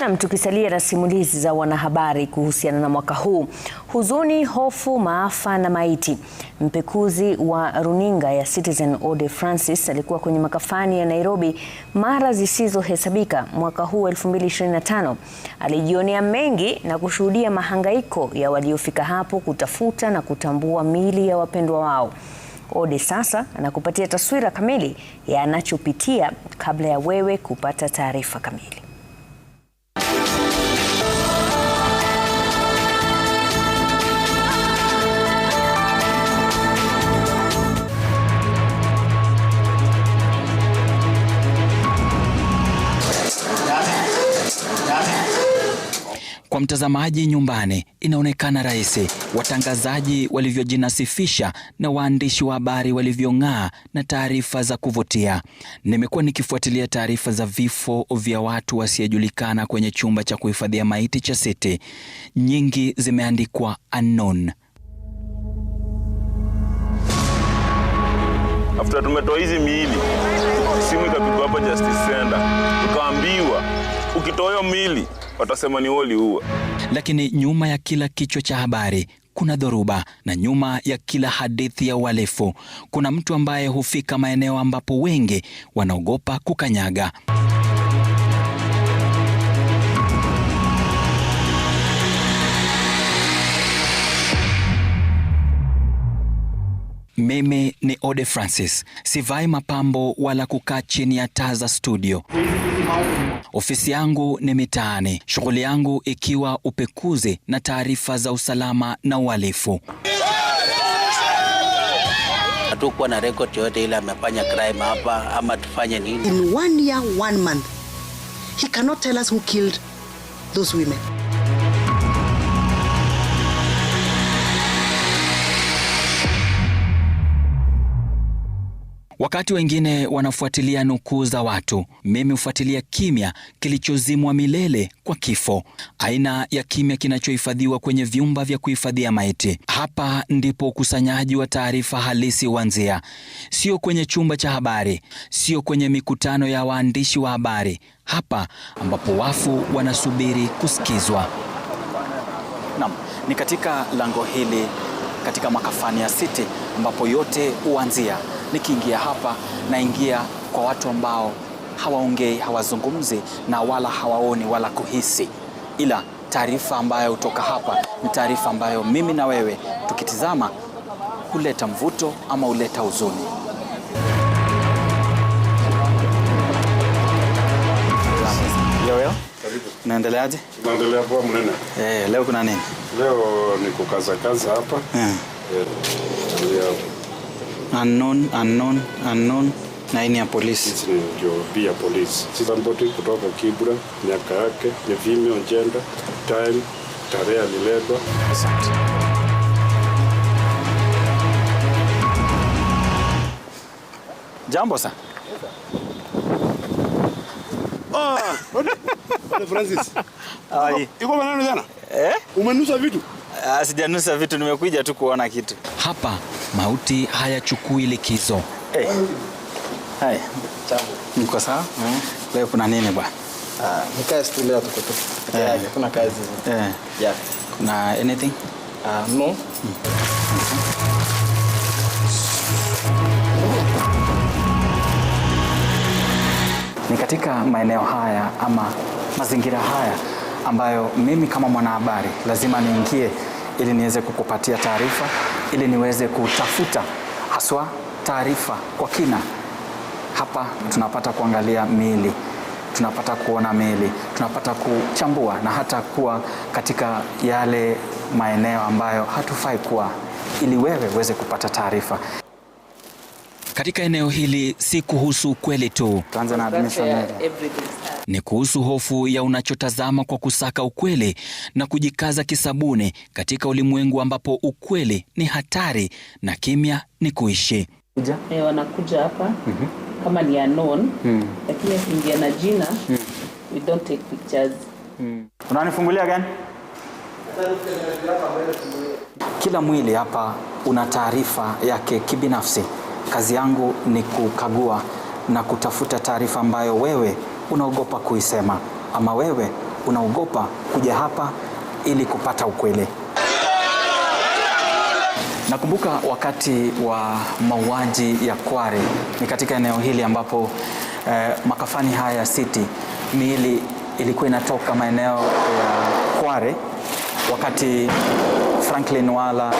Nam, tukisalia na simulizi za wanahabari kuhusiana na mwaka huu, huzuni, hofu, maafa na maiti. Mpekuzi wa runinga ya Citizen Ode Francis alikuwa kwenye makafani ya Nairobi mara zisizohesabika mwaka huu 2025. Alijionea mengi na kushuhudia mahangaiko ya waliofika hapo kutafuta na kutambua miili ya wapendwa wao. Ode sasa anakupatia taswira kamili ya anachopitia kabla ya wewe kupata taarifa kamili. mtazamaji nyumbani, inaonekana rahisi watangazaji walivyojinasifisha na waandishi wa habari walivyong'aa na taarifa za kuvutia. Nimekuwa nikifuatilia taarifa za vifo vya watu wasiyejulikana kwenye chumba cha kuhifadhia maiti cha City. Nyingi zimeandikwa unknown. After tumetoa hizi miili, simu ikapigwa hapa Justice Center, tukaambiwa ukitoa hiyo miili watasema ni huwa. Lakini nyuma ya kila kichwa cha habari kuna dhoruba na nyuma ya kila hadithi ya uhalifu kuna mtu ambaye hufika maeneo ambapo wengi wanaogopa kukanyaga. Mimi ni Ode Francis, sivai mapambo wala kukaa chini ya taa za studio. Ofisi yangu ni mitaani, shughuli yangu ikiwa upekuzi na taarifa za usalama na uhalifu. Hatukuwa na rekodi yoyote ile amefanya crime hapa ama tufanye nini? In one year, one month. He cannot tell us who killed those women. Wakati wengine wanafuatilia nukuu za watu, mimi hufuatilia kimya kilichozimwa milele kwa kifo, aina ya kimya kinachohifadhiwa kwenye vyumba vya kuhifadhia maiti. Hapa ndipo ukusanyaji wa taarifa halisi huanzia, sio kwenye chumba cha habari, sio kwenye mikutano ya waandishi wa habari, hapa ambapo wafu wanasubiri kusikizwa. Naam, ni katika lango hili katika makafani ya City ambapo yote huanzia nikiingia hapa naingia kwa watu ambao hawaongei, hawazungumzi na wala hawaoni wala kuhisi, ila taarifa ambayo hutoka hapa ni taarifa ambayo mimi na wewe tukitizama huleta mvuto ama huleta huzuni. Naendeleaje? Naendelea poa mnene. Eh, leo kuna nini? Leo niko kaza kaza hapa. Eh. eh unknown, unknown, unknown na hii ya polisi. Hizi ni ndio bi ya polisi. Sasa mboti kutoka Kibra, miaka yake ni Vimeo Njenda, time tarehe aliletwa. Asante. Jambo sana. Ah, Francis. Ai. Iko maneno jana? Eh? Umenusa vitu? Ah, sijanusa vitu, nimekuja tu kuona kitu hapa. Mauti hayachukui likizo. Hey. Eh. Hey. Niko sawa. Hmm. Leo kuna nini bwana? Ah, leo tuko tu. Yeah. Kuna kazi. Yeah. Yeah. Kuna anything? Ah, no. Ni katika maeneo haya ama mazingira haya ambayo mimi kama mwanahabari lazima niingie ili niweze kukupatia taarifa, ili niweze kutafuta haswa taarifa kwa kina. Hapa tunapata kuangalia miili, tunapata kuona miili, tunapata kuchambua na hata kuwa katika yale maeneo ambayo hatufai kuwa, ili wewe uweze kupata taarifa katika eneo hili. Si kuhusu kweli tu, tuanze na admission ni kuhusu hofu ya unachotazama kwa kusaka ukweli na kujikaza kisabuni katika ulimwengu ambapo ukweli ni hatari na kimya ni kuishi. Eh, wanakuja hapa mm -hmm. kama ni mm. lakini akiingia na jina mm. we don't take pictures mm. unanifungulia gani? Kila mwili hapa una taarifa yake kibinafsi. Kazi yangu ni kukagua na kutafuta taarifa ambayo wewe unaogopa kuisema, ama wewe unaogopa kuja hapa ili kupata ukweli. Nakumbuka wakati wa mauaji ya Kware ni katika eneo hili ambapo eh, makafani haya ya City miili ilikuwa inatoka maeneo ya Kware, wakati Franklin Wala,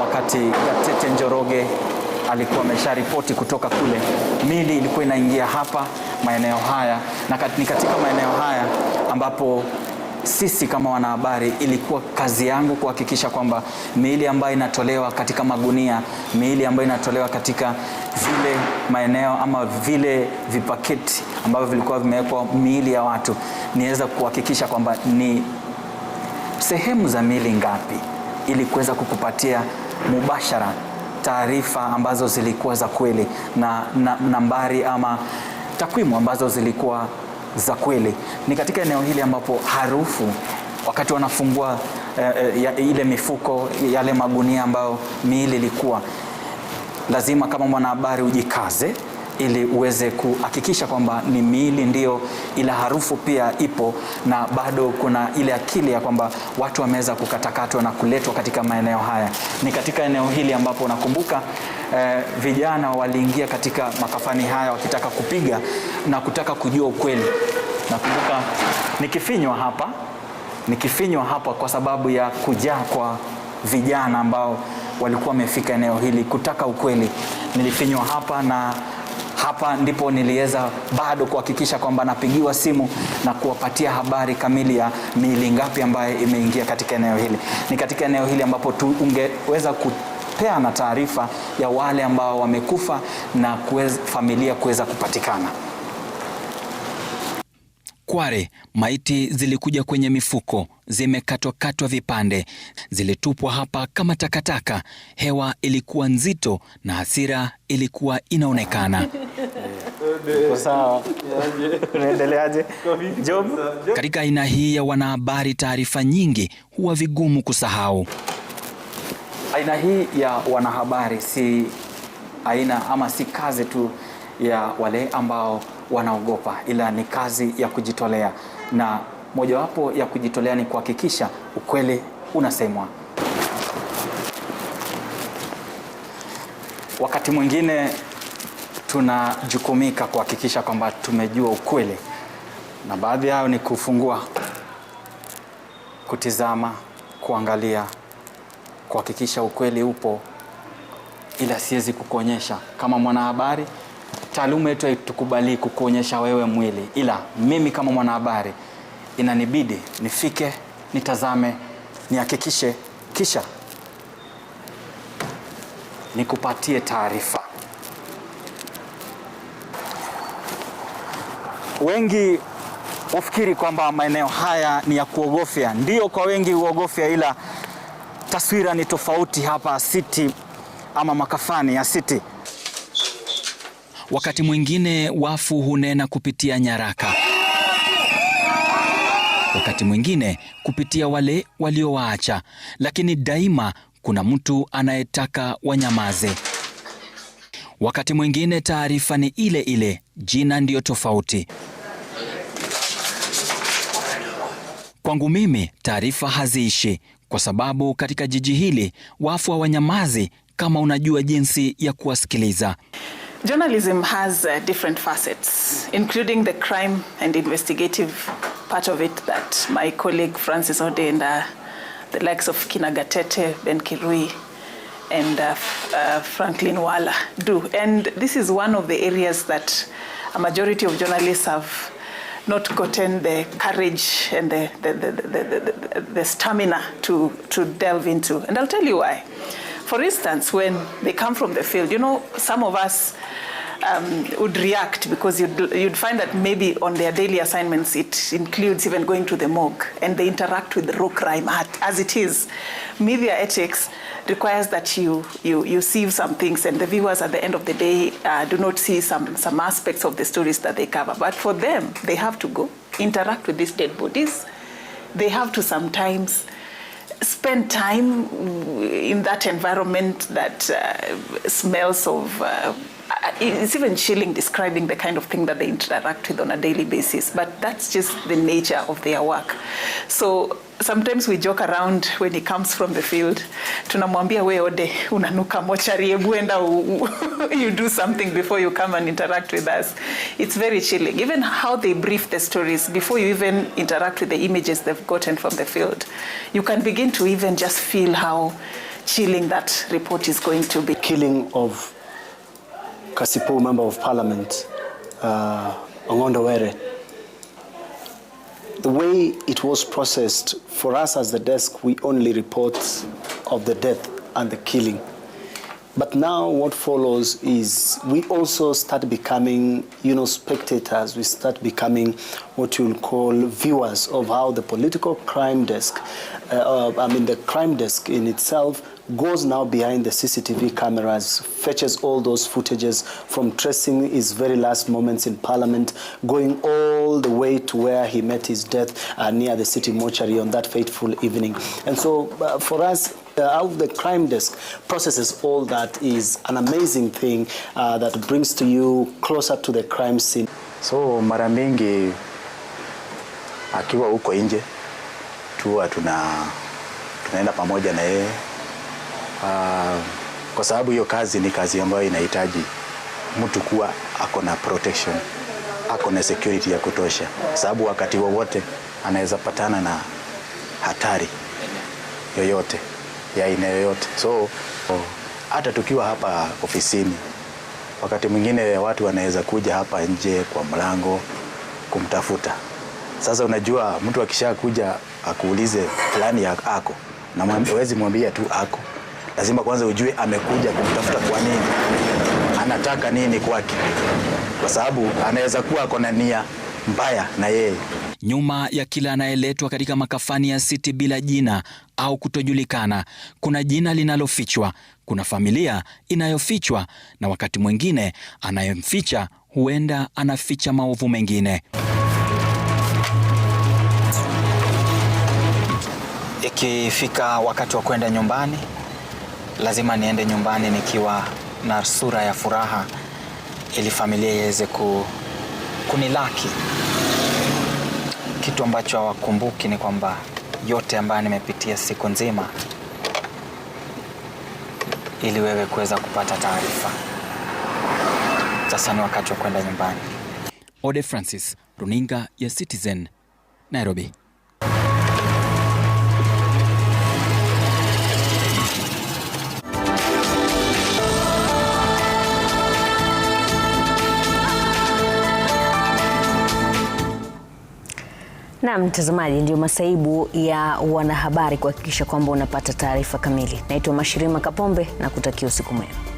wakati Gatete Njoroge alikuwa amesha ripoti kutoka kule. Mili ilikuwa inaingia hapa maeneo haya, na ni katika maeneo haya ambapo sisi kama wanahabari ilikuwa kazi yangu kuhakikisha kwamba miili ambayo inatolewa katika magunia, miili ambayo inatolewa katika vile maeneo ama vile vipaketi ambavyo vilikuwa vimewekwa miili ya watu, niweza kuhakikisha kwamba ni sehemu za miili ngapi, ili kuweza kukupatia mubashara taarifa ambazo zilikuwa za kweli na, na nambari ama takwimu ambazo zilikuwa za kweli. Ni katika eneo hili ambapo harufu wakati wanafungua eh, eh ya, ile mifuko yale magunia ambayo miili ilikuwa lazima, kama mwanahabari ujikaze ili uweze kuhakikisha kwamba ni miili ndio, ila harufu pia ipo na bado kuna ile akili ya kwamba watu wameweza kukatakatwa na kuletwa katika maeneo haya. Ni katika eneo hili ambapo nakumbuka eh, vijana waliingia katika makafani haya wakitaka kupiga na kutaka kujua ukweli. Nakumbuka nikifinywa hapa nikifinywa hapa kwa sababu ya kujaa kwa vijana ambao walikuwa wamefika eneo hili kutaka ukweli. Nilifinywa hapa na hapa ndipo niliweza bado kuhakikisha kwamba napigiwa simu na kuwapatia habari kamili ya miili ngapi ambayo imeingia katika eneo hili. Ni katika eneo hili ambapo tu ungeweza ku peana taarifa ya wale ambao wamekufa na kuweza, familia kuweza kupatikana. Kware, maiti zilikuja kwenye mifuko, zimekatwakatwa vipande, zilitupwa hapa kama takataka. Hewa ilikuwa nzito na hasira ilikuwa inaonekana. Eh. Sawa, unaendeleaje Job? Katika aina hii ya wanahabari, taarifa nyingi huwa vigumu kusahau. Aina hii ya wanahabari si aina ama si kazi tu ya wale ambao wanaogopa, ila ni kazi ya kujitolea, na mojawapo ya kujitolea ni kuhakikisha ukweli unasemwa. Wakati mwingine tunajukumika kuhakikisha kwamba tumejua ukweli, na baadhi yao ni kufungua, kutizama, kuangalia, kuhakikisha ukweli upo, ila siwezi kukuonyesha kama mwanahabari. Taaluma yetu haitukubali kukuonyesha wewe mwili, ila mimi kama mwanahabari inanibidi nifike, nitazame, nihakikishe, kisha nikupatie taarifa. wengi hufikiri kwamba maeneo haya ni ya kuogofya. Ndiyo, kwa wengi huogofya, ila taswira ni tofauti hapa City ama makafani ya City. Wakati mwingine wafu hunena kupitia nyaraka, wakati mwingine kupitia wale waliowaacha, lakini daima kuna mtu anayetaka wanyamaze. Wakati mwingine taarifa ni ile ile, jina ndiyo tofauti. Kwangu mimi taarifa haziishi, kwa sababu katika jiji hili wafu hawanyamazi kama unajua jinsi ya kuwasikiliza. Journalism has uh, different facets including the crime and investigative part of it that my colleague Francis Ode and the likes of Ben Kirui and uh, uh, Franklin Wala do. And this is one of the areas that a majority of journalists have not gotten the courage and the, the, the, the, the, the stamina to, to delve into. And I'll tell you why. For instance, when they come from the field, you know, some of us um, would react because you'd, you'd find that maybe on their daily assignments it includes even going to the morgue and they interact with raw crime as it is. Media ethics requires that you, you, you see some things and the viewers at the end of the day uh, do not see some, some aspects of the stories that they cover. But for them, they have to go interact with these dead bodies. They have to sometimes spend time in that environment that uh, smells of uh, it's even chilling describing the kind of thing that they interact with on a daily basis, but that's just the nature of their work. So sometimes we joke around when he comes from the field tunamwambia we ode unanuka mochari ebu you do something before you come and interact with us it's very chilling even how they brief the stories before you even interact with the images they've gotten from the field you can begin to even just feel how chilling that report is going to be killing of Kasipul Member of Parliament, uh, Ongondo Were, the way it was processed, for us as the desk, we only report of the death and the killing. But now what follows is we also start becoming, you know, spectators. We start becoming what you'll call viewers of how the political crime desk, uh, uh I mean, the crime desk in itself goes now behind the CCTV cameras, fetches all those footages from tracing his very last moments in Parliament, going all the way to where he met his death uh, near the city mortuary on that fateful evening. And so uh, for us, how uh, the crime desk processes all that is an amazing thing uh, that brings to you closer to the crime scene. So mara mingi akiwa huko nje tu tuna tunaenda pamoja na uh, kwa sababu hiyo kazi ni kazi ambayo inahitaji mtu kuwa ako na protection, ako na security ya kutosha, sababu wakati wowote wa anaweza patana na hatari yoyote ya aina yoyote. So hata tukiwa hapa ofisini, wakati mwingine watu wanaweza kuja hapa nje kwa mlango kumtafuta. Sasa unajua mtu akishakuja akuulize fulani ako, na wezi mwambia tu ako lazima kwanza ujue amekuja kumtafuta kwa nini, anataka nini kwake, kwa sababu anaweza kuwa ako na nia mbaya na yeye. Nyuma ya kila anayeletwa katika makafani ya City bila jina au kutojulikana, kuna jina linalofichwa, kuna familia inayofichwa, na wakati mwingine anayemficha huenda anaficha maovu mengine. Ikifika wakati wa kwenda nyumbani lazima niende nyumbani nikiwa na sura ya furaha ili familia iweze ku, kunilaki. Kitu ambacho hawakumbuki ni kwamba yote ambayo nimepitia siku nzima ili wewe kuweza kupata taarifa. Sasa ni wakati wa kwenda nyumbani. Ode Francis, Runinga ya Citizen, Nairobi. Na mtazamaji, ndio masaibu ya wanahabari kuhakikisha kwamba unapata taarifa kamili. Naitwa Mashirima Kapombe na kutakia usiku mwema.